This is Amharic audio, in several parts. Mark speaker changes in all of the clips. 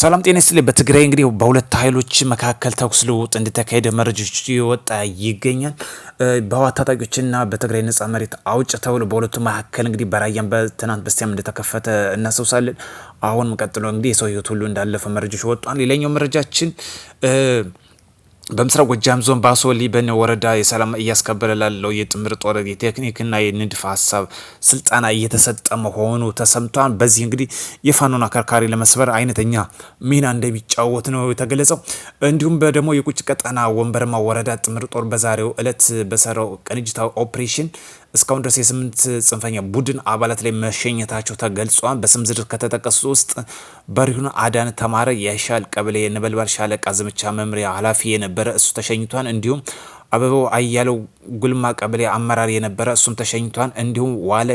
Speaker 1: ሰላም ጤና ይስጥልኝ። በትግራይ እንግዲህ በሁለት ኃይሎች መካከል ተኩስ ልውውጥ እንደተካሄደ መረጃዎች ይወጣ ይገኛል። በህወሓት ታጣቂዎችና በትግራይ ነጻ መሬት አውጭ ተብሎ በሁለቱ መካከል እንግዲህ በራያም በትናንት በስቲያም እንደተከፈተ እናሰውሳለን አሁንም ቀጥሎ እንግዲህ የሰው ህይወት ሁሉ እንዳለፈ መረጃዎች ወጧል። ሌላኛው መረጃችን በምስራቅ ጎጃም ዞን ባሶ ሊበን ወረዳ የሰላም እያስከበረ ላለው የጥምር ጦር የቴክኒክና የንድፍ ሀሳብ ስልጠና እየተሰጠ መሆኑ ተሰምቷል። በዚህ እንግዲህ የፋኖን አከርካሪ ለመስበር አይነተኛ ሚና እንደሚጫወት ነው የተገለጸው። እንዲሁም ደግሞ የቁጭ ቀጠና ወንበርማ ወረዳ ጥምር ጦር በዛሬው እለት በሰራው ቅንጅታዊ ኦፕሬሽን እስካሁን ድረስ የስምንት ጽንፈኛ ቡድን አባላት ላይ መሸኘታቸው ተገልጿል። በስም ዝርዝር ከተጠቀሱ ውስጥ በሪሁን አዳን ተማረ የሻል ቀበሌ የነበልባል ሻለቃ ዘመቻ መምሪያ ኃላፊ የነበረ እሱ ተሸኝቷል። እንዲሁም አበባው አያለው ጉልማ ቀበሌ አመራር የነበረ እሱም ተሸኝቷል። እንዲሁም ዋለ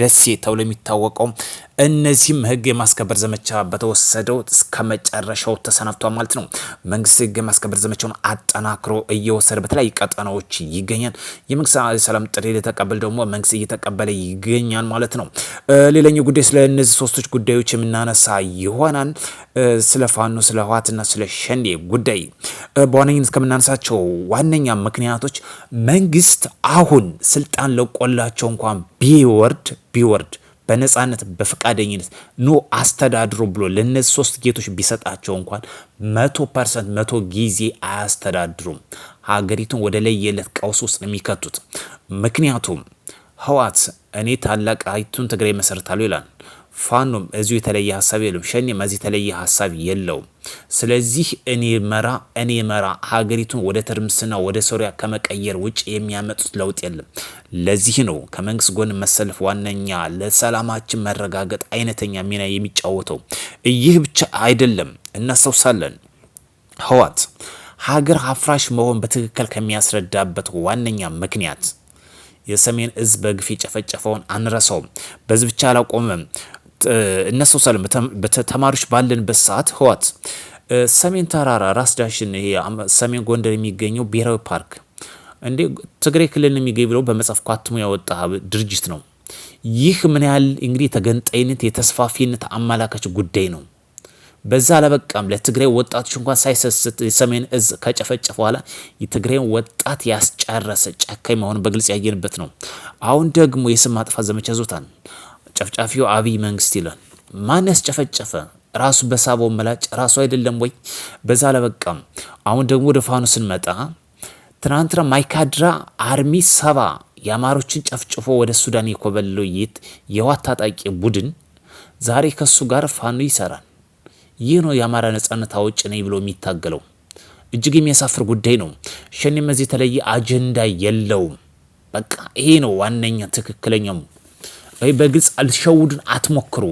Speaker 1: ደሴ ተብሎ የሚታወቀው እነዚህም ህግ የማስከበር ዘመቻ በተወሰደው እስከ መጨረሻው ተሰናብቷል ማለት ነው። መንግስት ህግ የማስከበር ዘመቻውን አጠናክሮ እየወሰደ በተለያዩ ቀጠናዎች ይገኛል። የመንግስት ሰላም ጥሪ የተቀበል ደግሞ መንግስት እየተቀበለ ይገኛል ማለት ነው። ሌላኛው ጉዳይ ስለ እነዚህ ሶስቶች ጉዳዮች የምናነሳ ይሆናል። ስለ ፋኖ፣ ስለ ህወሓትና ስለ ሸኔ ጉዳይ በዋነኝነት ከምናነሳቸው ዋነ ዋነኛ ምክንያቶች መንግስት አሁን ስልጣን ለቆላቸው እንኳን ቢወርድ ቢወርድ በነጻነት በፈቃደኝነት ኖ አስተዳድሮ ብሎ ለነዚህ ሶስት ጌቶች ቢሰጣቸው እንኳን መቶ ፐርሰንት መቶ ጊዜ አያስተዳድሩም። ሀገሪቱን ወደ ለየለት ቀውስ ውስጥ የሚከቱት ምክንያቱም ህወሓት እኔ ታላቅ አይቱን ትግራይ መሰርታሉ ይላል። ፋኖም እዚሁ የተለየ ሀሳብ የለውም። ሸኔም እዚህ የተለየ ሀሳብ የለውም። ስለዚህ እኔ መራ እኔ መራ ሀገሪቱን ወደ ትርምስና ወደ ሶሪያ ከመቀየር ውጭ የሚያመጡት ለውጥ የለም። ለዚህ ነው ከመንግስት ጎን መሰለፍ ዋነኛ ለሰላማችን መረጋገጥ አይነተኛ ሚና የሚጫወተው። ይህ ብቻ አይደለም፣ እናስታውሳለን ህወሓት ሀገር አፍራሽ መሆን በትክክል ከሚያስረዳበት ዋነኛ ምክንያት የሰሜን እዝ በግፍ የጨፈጨፈውን አንረሳውም። በዚህ ብቻ አላቆመም። እነሰውሳለን ተማሪዎች ባለንበት ሰዓት ህዋት ሰሜን ተራራ ራስ ዳሽን ይሄ ሰሜን ጎንደር የሚገኘው ብሔራዊ ፓርክ እንዴ ትግራይ ክልል የሚገኝ ብለው በመጽሐፍ ኳትሙ ያወጣ ድርጅት ነው። ይህ ምን ያህል እንግዲህ የተገንጣይነት የተስፋፊነት አመላካች ጉዳይ ነው። በዛ አለበቃም ለትግራይ ወጣቶች እንኳን ሳይሰስት የሰሜን እዝ ከጨፈጨፈ በኋላ የትግራይን ወጣት ያስጨረሰ ጨካኝ መሆኑን በግልጽ ያየንበት ነው። አሁን ደግሞ የስም ማጥፋት ዘመቻ ይዞታል። ጨፍጫፊው አብይ መንግስት ይላል። ማን ያስጨፈጨፈ? ራሱ በሳበው መላጭ ራሱ አይደለም ወይ? በዛ አላበቃም። አሁን ደግሞ ወደ ፋኖ ስንመጣ ትናንትና ማይካድራ አርሚ ሰባ የአማሮችን ጨፍጭፎ ወደ ሱዳን የኮበለው ይት የዋት ታጣቂ ቡድን ዛሬ ከሱ ጋር ፋኖ ይሰራል። ይህ ነው የአማራ ነጻነት አውጭ ነኝ ብሎ የሚታገለው። እጅግ የሚያሳፍር ጉዳይ ነው። ሸኔም እዚህ የተለየ አጀንዳ የለውም። በቃ ይሄ ነው ዋነኛ ትክክለኛው ወይ በግልጽ አልሸውዱን አትሞክሩ።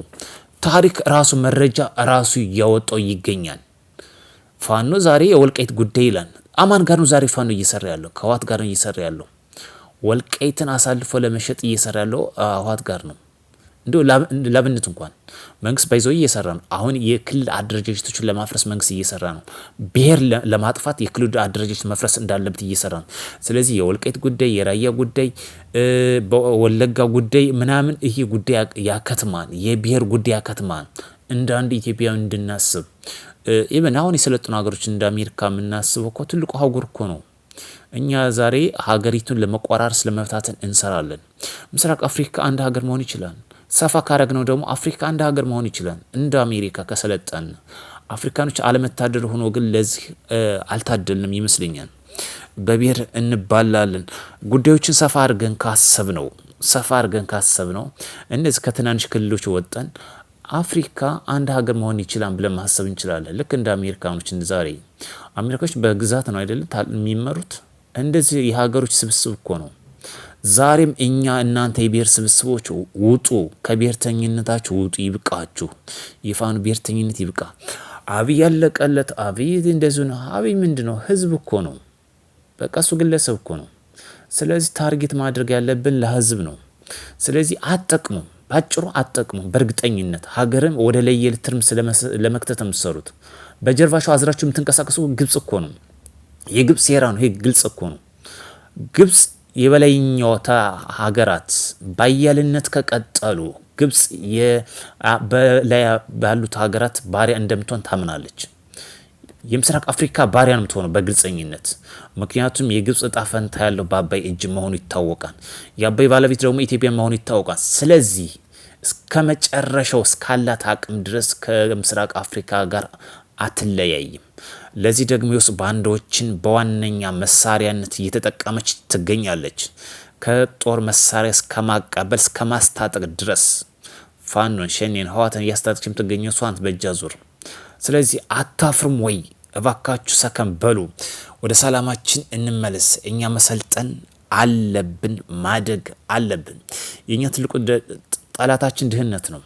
Speaker 1: ታሪክ ራሱ መረጃ ራሱ እያወጣው ይገኛል። ፋኖ ዛሬ የወልቃይት ጉዳይ ይላል። አማን ጋር ነው ዛሬ ፋኖ እየሰራ ያለው፣ ከዋት ጋር ነው እየሰራ ያለው። ወልቃይትን አሳልፎ ለመሸጥ እየሰራ ያለው ህወሓት ጋር ነው። እንዲ ለአብነት እንኳን መንግስት ባይዘው እየሰራ ነው። አሁን የክልል አደረጃጀቶችን ለማፍረስ መንግስት እየሰራ ነው። ብሔር ለማጥፋት የክልል አደረጃጀት መፍረስ እንዳለበት እየሰራ ነው። ስለዚህ የወልቃይት ጉዳይ፣ የራያ ጉዳይ፣ ወለጋ ጉዳይ ምናምን ይህ ጉዳይ ያከትማል። የብሔር ጉዳይ ያከትማል። እንዳንድ ኢትዮጵያ ኢትዮጵያዊ እንድናስብ ኢቨን አሁን የሰለጠኑ ሀገሮች እንደ አሜሪካ የምናስበው እኮ ትልቁ ሀገር እኮ ነው። እኛ ዛሬ ሀገሪቱን ለመቋራረስ ለመፍታትን እንሰራለን። ምስራቅ አፍሪካ አንድ ሀገር መሆን ይችላል። ሰፋ ካረግነው ደግሞ አፍሪካ እንደ ሀገር መሆን ይችላል። እንደ አሜሪካ ከሰለጠን አፍሪካኖች አለመታደል ሆኖ ግን ለዚህ አልታደልንም ይመስለኛል። በብሔር እንባላለን። ጉዳዮችን ሰፋ አድርገን ካሰብ ነው ሰፋ አድርገን ካሰብ ነው እነዚህ ከትናንሽ ክልሎች ወጠን አፍሪካ አንድ ሀገር መሆን ይችላል ብለን ማሰብ እንችላለን። ልክ እንደ አሜሪካኖች ዛሬ አሜሪካዎች በግዛት ነው አይደለም የሚመሩት። እንደዚህ የሀገሮች ስብስብ እኮ ነው። ዛሬም እኛ እናንተ የብሔር ስብስቦች ውጡ፣ ከብሔርተኝነታችሁ ውጡ፣ ይብቃችሁ። ይፋኑ ብሔርተኝነት ይብቃ። አብይ ያለቀለት አብይ እንደዚሁ ነው። አብይ ምንድን ነው? ህዝብ እኮ ነው። በቃ እሱ ግለሰብ እኮ ነው። ስለዚህ ታርጌት ማድረግ ያለብን ለህዝብ ነው። ስለዚህ አጠቅሙ፣ በአጭሩ አጠቅሙ። በእርግጠኝነት ሀገርም ወደ ለየል ትርም ለመክተት የምትሰሩት በጀርባቸው አዝራችሁ የምትንቀሳቀሱ ግብጽ እኮ ነው። የግብጽ ሴራ ነው። ግልጽ እኮ ነው። ግብጽ የበላይኛዎቹ ሀገራት በአያልነት ከቀጠሉ ግብጽ በላይ ባሉት ሀገራት ባሪያ እንደምትሆን ታምናለች። የምስራቅ አፍሪካ ባሪያ ነው የምትሆነው በግልጸኝነት። ምክንያቱም የግብጽ እጣ ፈንታ ያለው በአባይ እጅ መሆኑ ይታወቃል። የአባይ ባለቤት ደግሞ ኢትዮጵያ መሆኑ ይታወቃል። ስለዚህ እስከ መጨረሻው እስካላት አቅም ድረስ ከምስራቅ አፍሪካ ጋር አትለያይም። ለዚህ ደግሞ የውስጥ ባንዳዎችን በዋነኛ መሳሪያነት እየተጠቀመች ትገኛለች። ከጦር መሳሪያ እስከ ማቀበል እስከ ማስታጠቅ ድረስ ፋኖን፣ ሸኔን፣ ህዋትን እያስታጠቅች የምትገኘ እሷ በእጃ ዙር። ስለዚህ አታፍርም ወይ? እባካችሁ ሰከን በሉ። ወደ ሰላማችን እንመለስ። እኛ መሰልጠን አለብን፣ ማደግ አለብን። የእኛ ትልቁ ጠላታችን ድህነት ነው።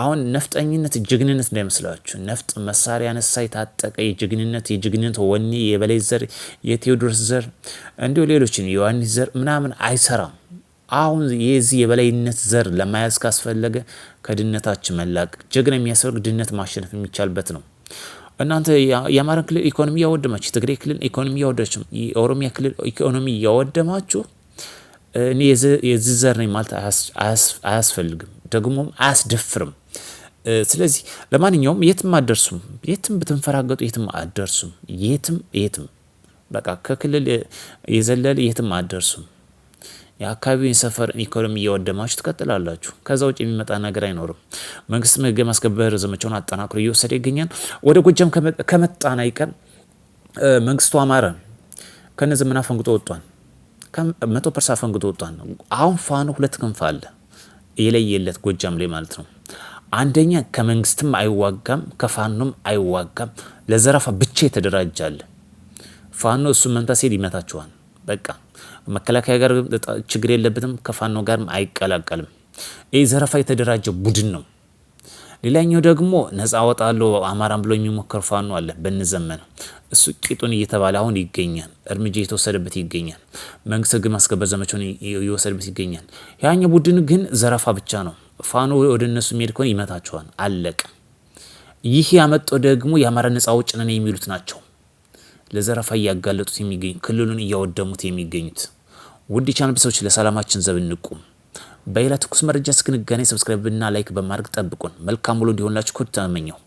Speaker 1: አሁን ነፍጠኝነት ጀግንነት እንዳይመስላችሁ። ነፍጥ መሳሪያ ነሳ የታጠቀ የጀግንነት የጀግንነት ወኔ የበላይ ዘር የቴዎድሮስ ዘር እንዲሁ ሌሎችን የዮሐንስ ዘር ምናምን አይሰራም። አሁን የዚህ የበላይነት ዘር ለማያዝ ካስፈለገ ከድህነታችን መላቅ ጀግና የሚያስፈልግ ድህነት ማሸነፍ የሚቻልበት ነው። እናንተ የአማራ ክልል ኢኮኖሚ እያወደማችሁ፣ የትግራይ ክልል ኢኮኖሚ እያወደች፣ የኦሮሚያ ክልል ኢኮኖሚ ያወደማችሁ እኔ የዚህ ዘር ነኝ ማለት አያስፈልግም፣ ደግሞም አያስደፍርም። ስለዚህ ለማንኛውም የትም አደርሱም፣ የትም ብትንፈራገጡ የትም አደርሱም። የትም የትም በቃ ከክልል የዘለለ የትም አደርሱም። የአካባቢውን ሰፈር ኢኮኖሚ እየወደማችሁ ትቀጥላላችሁ። ከዛ ውጭ የሚመጣ ነገር አይኖርም። መንግስትም ሕግ ማስከበር ዘመቻውን አጠናክሮ እየወሰደ ይገኛል። ወደ ጎጃም ከመጣን አይቀር መንግስቱ አማረ ከነዘመና ፈንግጦ ወጥቷል። መቶ ፐርሳ ፈንግጦ ወጥቷል። አሁን ፋኖ ሁለት ክንፍ አለ የለየለት ጎጃም ላይ ማለት ነው። አንደኛ ከመንግስትም አይዋጋም፣ ከፋኖም አይዋጋም። ለዘረፋ ብቻ የተደራጃለ ፋኖ እሱ መምታት ሲሄድ ይመታችኋል። በቃ መከላከያ ጋር ችግር የለበትም፣ ከፋኖ ጋርም አይቀላቀልም። ይህ ዘረፋ የተደራጀ ቡድን ነው። ሌላኛው ደግሞ ነጻ አወጣለሁ አማራን ብሎ የሚሞከር ፋኖ አለ በንዘመን እሱ ቂጡን እየተባለ አሁን ይገኛል። እርምጃ እየተወሰደበት ይገኛል። መንግስት ህግ ማስከበር ዘመቻውን እየወሰደበት ይገኛል። ያኛው ቡድን ግን ዘረፋ ብቻ ነው። ፋኖ ወደ እነሱ የሚሄድ ከሆነ ይመታቸዋል። አለቀ። ይህ ያመጣው ደግሞ የአማራ ነጻ አውጪ ነን የሚሉት ናቸው። ለዘረፋ እያጋለጡት የሚገኙ ክልሉን እያወደሙት የሚገኙት። ውድ የቻናል ሰዎች ለሰላማችን ዘብ እንቁም። በሌላ ትኩስ መረጃ እስክንገናኝ ሰብስክራይብና ላይክ በማድረግ ጠብቁን። መልካም ውሎ እንዲሆንላችሁ ኮድ ተመኘው።